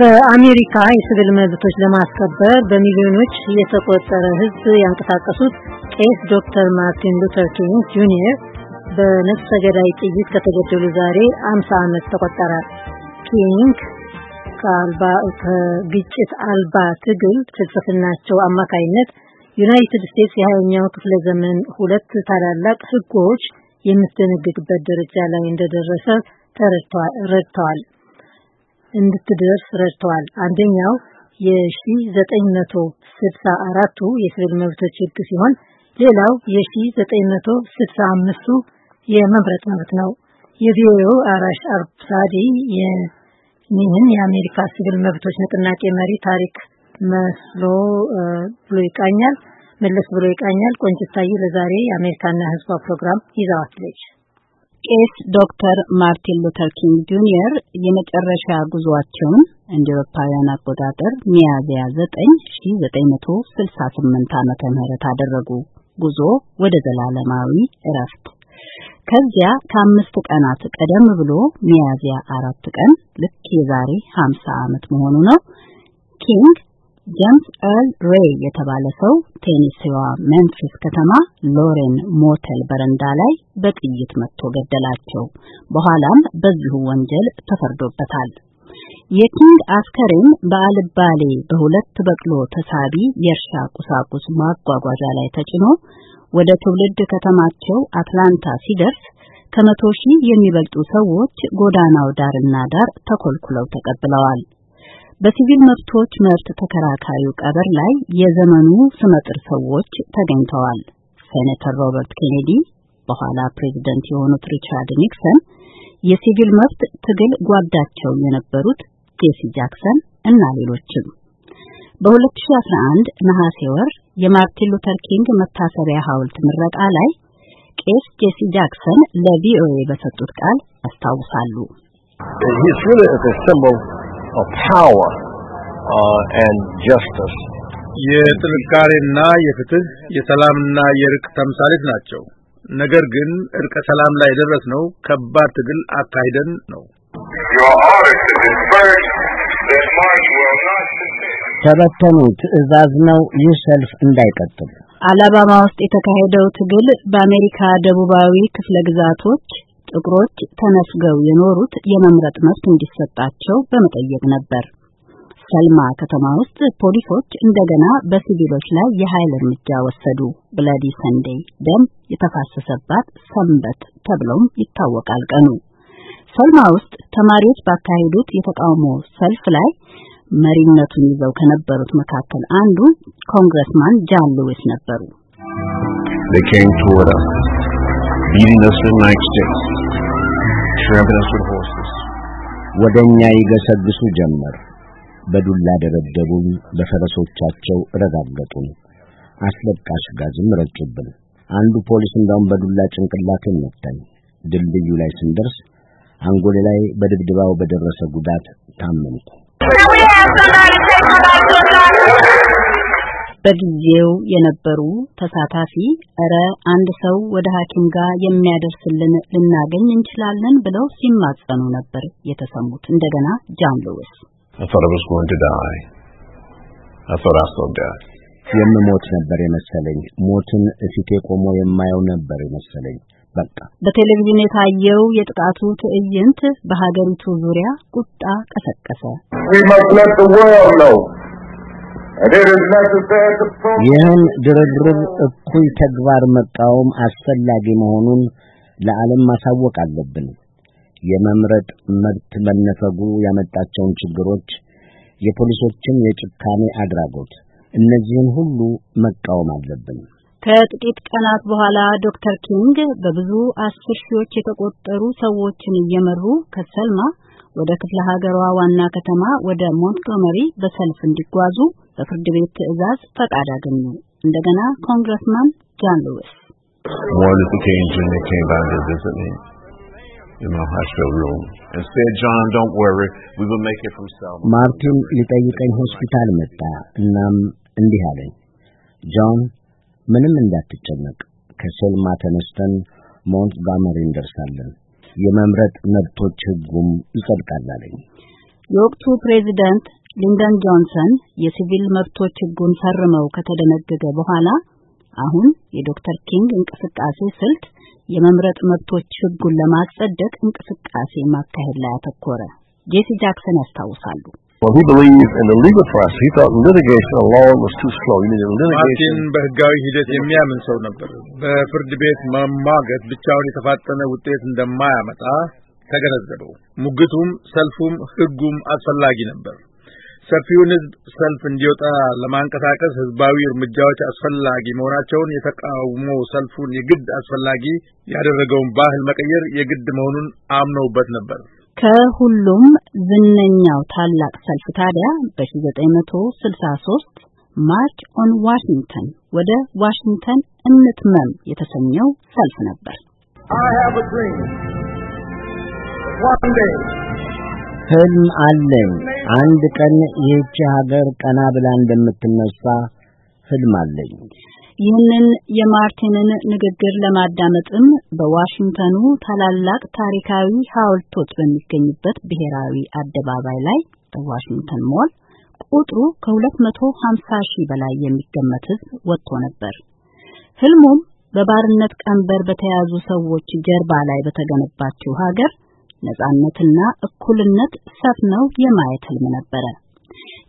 በአሜሪካ የሲቪል መብቶች ለማስከበር በሚሊዮኖች የተቆጠረ ሕዝብ ያንቀሳቀሱት ቄስ ዶክተር ማርቲን ሉተር ኪንግ ጁኒየር በነፍሰ ገዳይ ጥይት ከተገደሉ ዛሬ 50 ዓመት ተቆጠረ። ኪንግ ከግጭት አልባ ትግል ፍልስፍናቸው አማካይነት ዩናይትድ ስቴትስ የሀያኛው ክፍለ ዘመን ሁለት ታላላቅ ህጎች የምትደነግግበት ደረጃ ላይ እንደደረሰ ተረድተዋል። እንድትደርስ ረድተዋል። አንደኛው የ1964ቱ የሲቪል መብቶች ህግ ሲሆን ሌላው የ1965ቱ የመምረጥ መብት ነው። የቪኦኤው አራሽ አብሳዲ የኒህን የአሜሪካ ሲቪል መብቶች ንቅናቄ መሪ ታሪክ መስሎ ብሎ ይቃኛል መለስ ብሎ ይቃኛል። ቆንጅታዬ ለዛሬ የአሜሪካና ሕዝቧ ፕሮግራም ይዛዋለች። ቄስ ዶክተር ማርቲን ሉተር ኪንግ ጁኒየር የመጨረሻ ጉዟቸውን እንደ ኤሮፓውያን አቆጣጠር ሚያዝያ 9 1968 ዓመተ ምህረት አደረጉ። ጉዞ ወደ ዘላለማዊ እረፍት። ከዚያ ከአምስት ቀናት ቀደም ብሎ ሚያዝያ አራት ቀን ልክ የዛሬ 50 ዓመት መሆኑ ነው ኪንግ ጄምስ ኤርል ሬይ የተባለ ሰው ቴኒሲዋ መንፊስ ከተማ ሎሬን ሞተል በረንዳ ላይ በጥይት መጥቶ ገደላቸው። በኋላም በዚሁ ወንጀል ተፈርዶበታል። የኪንግ አስከሬን በአልባሌ በሁለት በቅሎ ተሳቢ የእርሻ ቁሳቁስ ማጓጓዣ ላይ ተጭኖ ወደ ትውልድ ከተማቸው አትላንታ ሲደርስ ከመቶ ሺህ የሚበልጡ ሰዎች ጎዳናው ዳርና ዳር ተኮልኩለው ተቀብለዋል። በሲቪል መብቶች መብት ተከራካዩ ቀብር ላይ የዘመኑ ስመጥር ሰዎች ተገኝተዋል። ሴኔተር ሮበርት ኬኔዲ፣ በኋላ ፕሬዚደንት የሆኑት ሪቻርድ ኒክሰን፣ የሲቪል መብት ትግል ጓዳቸው የነበሩት ጄሲ ጃክሰን እና ሌሎችም። በ2011 ነሐሴ ወር የማርቲን ሉተር ኪንግ መታሰቢያ ሐውልት ምረቃ ላይ ቄስ ጄሲ ጃክሰን ለቪኦኤ በሰጡት ቃል ያስታውሳሉ። of power uh, and justice. የጥንካሬና የፍትህ የሰላምና የእርቅ ተምሳሌት ናቸው። ነገር ግን እርቀ ሰላም ላይ የደረስነው ከባድ ትግል አካሂደን ነው። ተበተኑ ትዕዛዝ ነው። ይህ ሰልፍ እንዳይቀጥል አላባማ ውስጥ የተካሄደው ትግል በአሜሪካ ደቡባዊ ክፍለ ግዛቶች ጥቁሮች ተነስገው የኖሩት የመምረጥ መብት እንዲሰጣቸው በመጠየቅ ነበር። ሰልማ ከተማ ውስጥ ፖሊሶች እንደገና በሲቪሎች ላይ የኃይል እርምጃ ወሰዱ። ብለዲ ሰንዴይ ደም የተፋሰሰባት ሰንበት ተብሎም ይታወቃል ቀኑ። ሰልማ ውስጥ ተማሪዎች ባካሄዱት የተቃውሞ ሰልፍ ላይ መሪነቱን ይዘው ከነበሩት መካከል አንዱ ኮንግረስማን ጃን ሉዊስ ነበሩ። beating us in like sticks, trampling us with horses. ወደ እኛ ይገሰግሱ ጀመር። በዱላ ደበደቡን፣ በፈረሶቻቸው ረጋገጡን፣ አስለቃሽ ጋዝም ረጩብን። አንዱ ፖሊስ እንዳውም በዱላ ጭንቅላቴን መታኝ። ድልድዩ ላይ ስንደርስ አንጎሌ ላይ በድብድባው በደረሰ ጉዳት ታመምኩ። በጊዜው የነበሩ ተሳታፊ እረ አንድ ሰው ወደ ሐኪም ጋር የሚያደርስልን ልናገኝ እንችላለን ብለው ሲማጸኑ ነበር የተሰሙት። እንደገና ጃን ሉዊስ የምሞት ነበር የመሰለኝ። ሞትን እፊቴ ቆሞ የማየው ነበር የመሰለኝ። በቃ በቴሌቪዥን የታየው የጥቃቱ ትዕይንት በሀገሪቱ ዙሪያ ቁጣ ቀሰቀሰ። ነው ይህን ድርድር እኩይ ተግባር መቃወም አስፈላጊ መሆኑን ለዓለም ማሳወቅ አለብን። የመምረጥ መብት መነፈጉ ያመጣቸውን ችግሮች፣ የፖሊሶችን የጭካኔ አድራጎት፣ እነዚህን ሁሉ መቃወም አለብን። ከጥቂት ቀናት በኋላ ዶክተር ኪንግ በብዙ አስር ሺዎች የተቆጠሩ ሰዎችን እየመሩ ከሰልማ ወደ ክፍለ ሀገሯ ዋና ከተማ ወደ ሞንትጎመሪ በሰልፍ እንዲጓዙ በፍርድ ቤት ትዕዛዝ ፈቃድ አገኙ። እንደገና ኮንግረስማን ጃን ሉዊስ ማርቲን ሊጠይቀኝ ሆስፒታል መጣ። እናም እንዲህ አለኝ፣ ጆን ምንም እንዳትጨነቅ ከሴልማ ተነስተን ሞንትጎመሪ እንደርሳለን። የመምረጥ መብቶች ህጉም ይጸድቃል አለኝ። የወቅቱ ፕሬዚደንት ሊንደን ጆንሰን የሲቪል መብቶች ህጉን ፈርመው ከተደነገገ በኋላ አሁን የዶክተር ኪንግ እንቅስቃሴ ስልት የመምረጥ መብቶች ህጉን ለማጸደቅ እንቅስቃሴ ማካሄድ ላይ አተኮረ። ጄሲ ጃክሰን ያስታውሳሉ። ማርቲን በህጋዊ ሂደት የሚያምን ሰው ነበር። በፍርድ ቤት መሟገት ብቻውን የተፋጠነ ውጤት እንደማያመጣ ተገነዘበው። ሙግቱም፣ ሰልፉም፣ ህጉም አስፈላጊ ነበር። ሰፊውን ህዝብ ሰልፍ እንዲወጣ ለማንቀሳቀስ ህዝባዊ እርምጃዎች አስፈላጊ መሆናቸውን የተቃውሞ ሰልፉን የግድ አስፈላጊ ያደረገውን ባህል መቀየር የግድ መሆኑን አምነውበት ነበር። ከሁሉም ዝነኛው ታላቅ ሰልፍ ታዲያ በ1963 ማርች ኦን ዋሽንግተን ወደ ዋሽንግተን እንትመም የተሰኘው ሰልፍ ነበር። ህልም አለኝ አንድ ቀን ይህች ሀገር ቀና ብላ እንደምትነሳ ህልም አለኝ። ይህንን የማርቲንን ንግግር ለማዳመጥም በዋሽንግተኑ ታላላቅ ታሪካዊ ሐውልቶች በሚገኙበት ብሔራዊ አደባባይ ላይ በዋሽንግተን ሞል ቁጥሩ ከ250 ሺህ በላይ የሚገመት ህዝብ ወጥቶ ነበር። ህልሙም በባርነት ቀንበር በተያዙ ሰዎች ጀርባ ላይ በተገነባችው ሀገር ነጻነትና እኩልነት ሰፍነው የማየት ህልም ነበረ።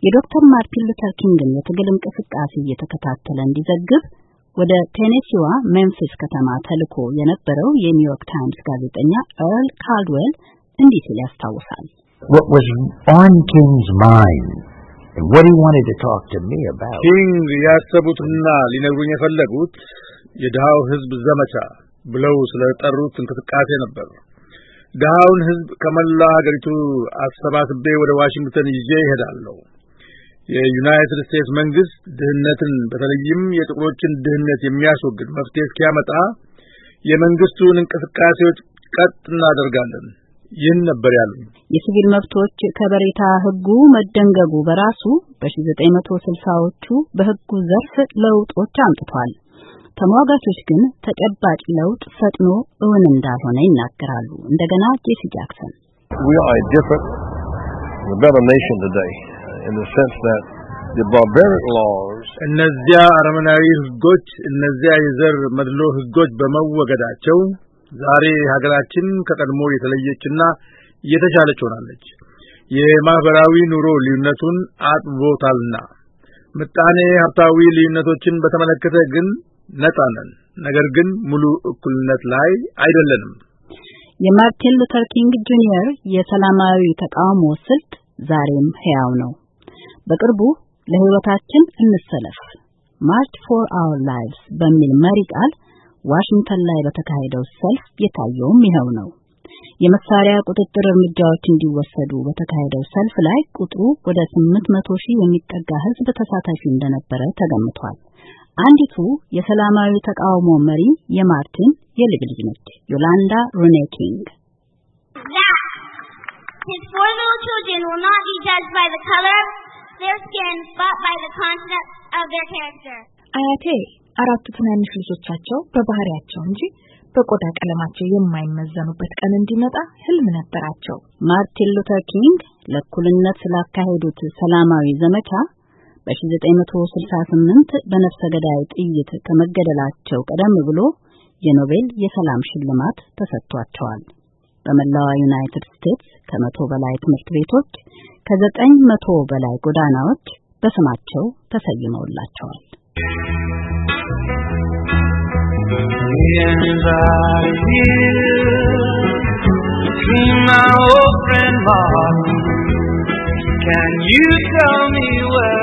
የዶክተር ማርቲን ሉተር ኪንግን የትግል እንቅስቃሴ እየተከታተለ እንዲዘግብ ወደ ቴኔሲዋ ሜምፊስ ከተማ ተልኮ የነበረው የኒውዮርክ ታይምስ ጋዜጠኛ ኤርል ካልድዌል እንዲህ ሲል ያስታውሳል። ኪንግ ያሰቡትና ሊነግሩኝ የፈለጉት የድሃው ሕዝብ ዘመቻ ብለው ስለጠሩት እንቅስቃሴ ነበር። ድሃውን ሕዝብ ከመላ ሀገሪቱ አሰባስቤ ወደ ዋሽንግተን ይዤ ይሄዳለሁ። የዩናይትድ ስቴትስ መንግስት ድህነትን በተለይም የጥቁሮችን ድህነት የሚያስወግድ መፍትሄ እስኪያመጣ የመንግስቱን እንቅስቃሴዎች ቀጥ እናደርጋለን። ይህን ነበር ያሉኝ። የሲቪል መብቶች ከበሬታ ህጉ መደንገጉ በራሱ በ1960ዎቹ በህጉ ዘርፍ ለውጦች አምጥቷል። ተሟጋቾች ግን ተጨባጭ ለውጥ ፈጥኖ እውን እንዳልሆነ ይናገራሉ። እንደገና ጄሲ ጃክሰን in the sense that the barbaric laws እነዚያ አረመናዊ ህጎች እነዚያ የዘር መድሎ ህጎች በመወገዳቸው ዛሬ ሀገራችን ከቀድሞ የተለየችና የተሻለች ሆናለች። የማህበራዊ ኑሮ ልዩነቱን አጥቦታልና ምጣኔ ሀብታዊ ልዩነቶችን በተመለከተ ግን ነጻ ነን። ነገር ግን ሙሉ እኩልነት ላይ አይደለንም። የማርቲን ሉተር ኪንግ ጁኒየር የሰላማዊ ተቃውሞ ስልት ዛሬም ህያው ነው። በቅርቡ ለህይወታችን እንሰለፍ ማርች ፎር አወር ላይቭስ በሚል መሪ ቃል ዋሽንግተን ላይ በተካሄደው ሰልፍ የታየውም ይኸው ነው። የመሳሪያ ቁጥጥር እርምጃዎች እንዲወሰዱ በተካሄደው ሰልፍ ላይ ቁጥሩ ወደ 800 መቶ ሺህ የሚጠጋ ሕዝብ ተሳታፊ እንደነበረ ተገምቷል። አንዲቱ የሰላማዊ ተቃውሞ መሪ የማርቲን የልጅ ልጅ ነች፣ ዮላንዳ ሩኔ ኪንግ። His four little children will not be judged by the color their skin but by the concept of their character. አያቴ አራቱ ትናንሽ ልጆቻቸው በባህሪያቸው እንጂ በቆዳ ቀለማቸው የማይመዘኑበት ቀን እንዲመጣ ህልም ነበራቸው። ማርቲን ሉተር ኪንግ ለእኩልነት ስላካሄዱት ሰላማዊ ዘመቻ በ1968 በነፍሰ ገዳይ ጥይት ከመገደላቸው ቀደም ብሎ የኖቤል የሰላም ሽልማት ተሰጥቷቸዋል። በመላዋ ዩናይትድ ስቴትስ ከመቶ በላይ ትምህርት ቤቶች ከዘጠኝ መቶ በላይ ጎዳናዎች በስማቸው ተሰይመውላቸዋል። Can you tell me where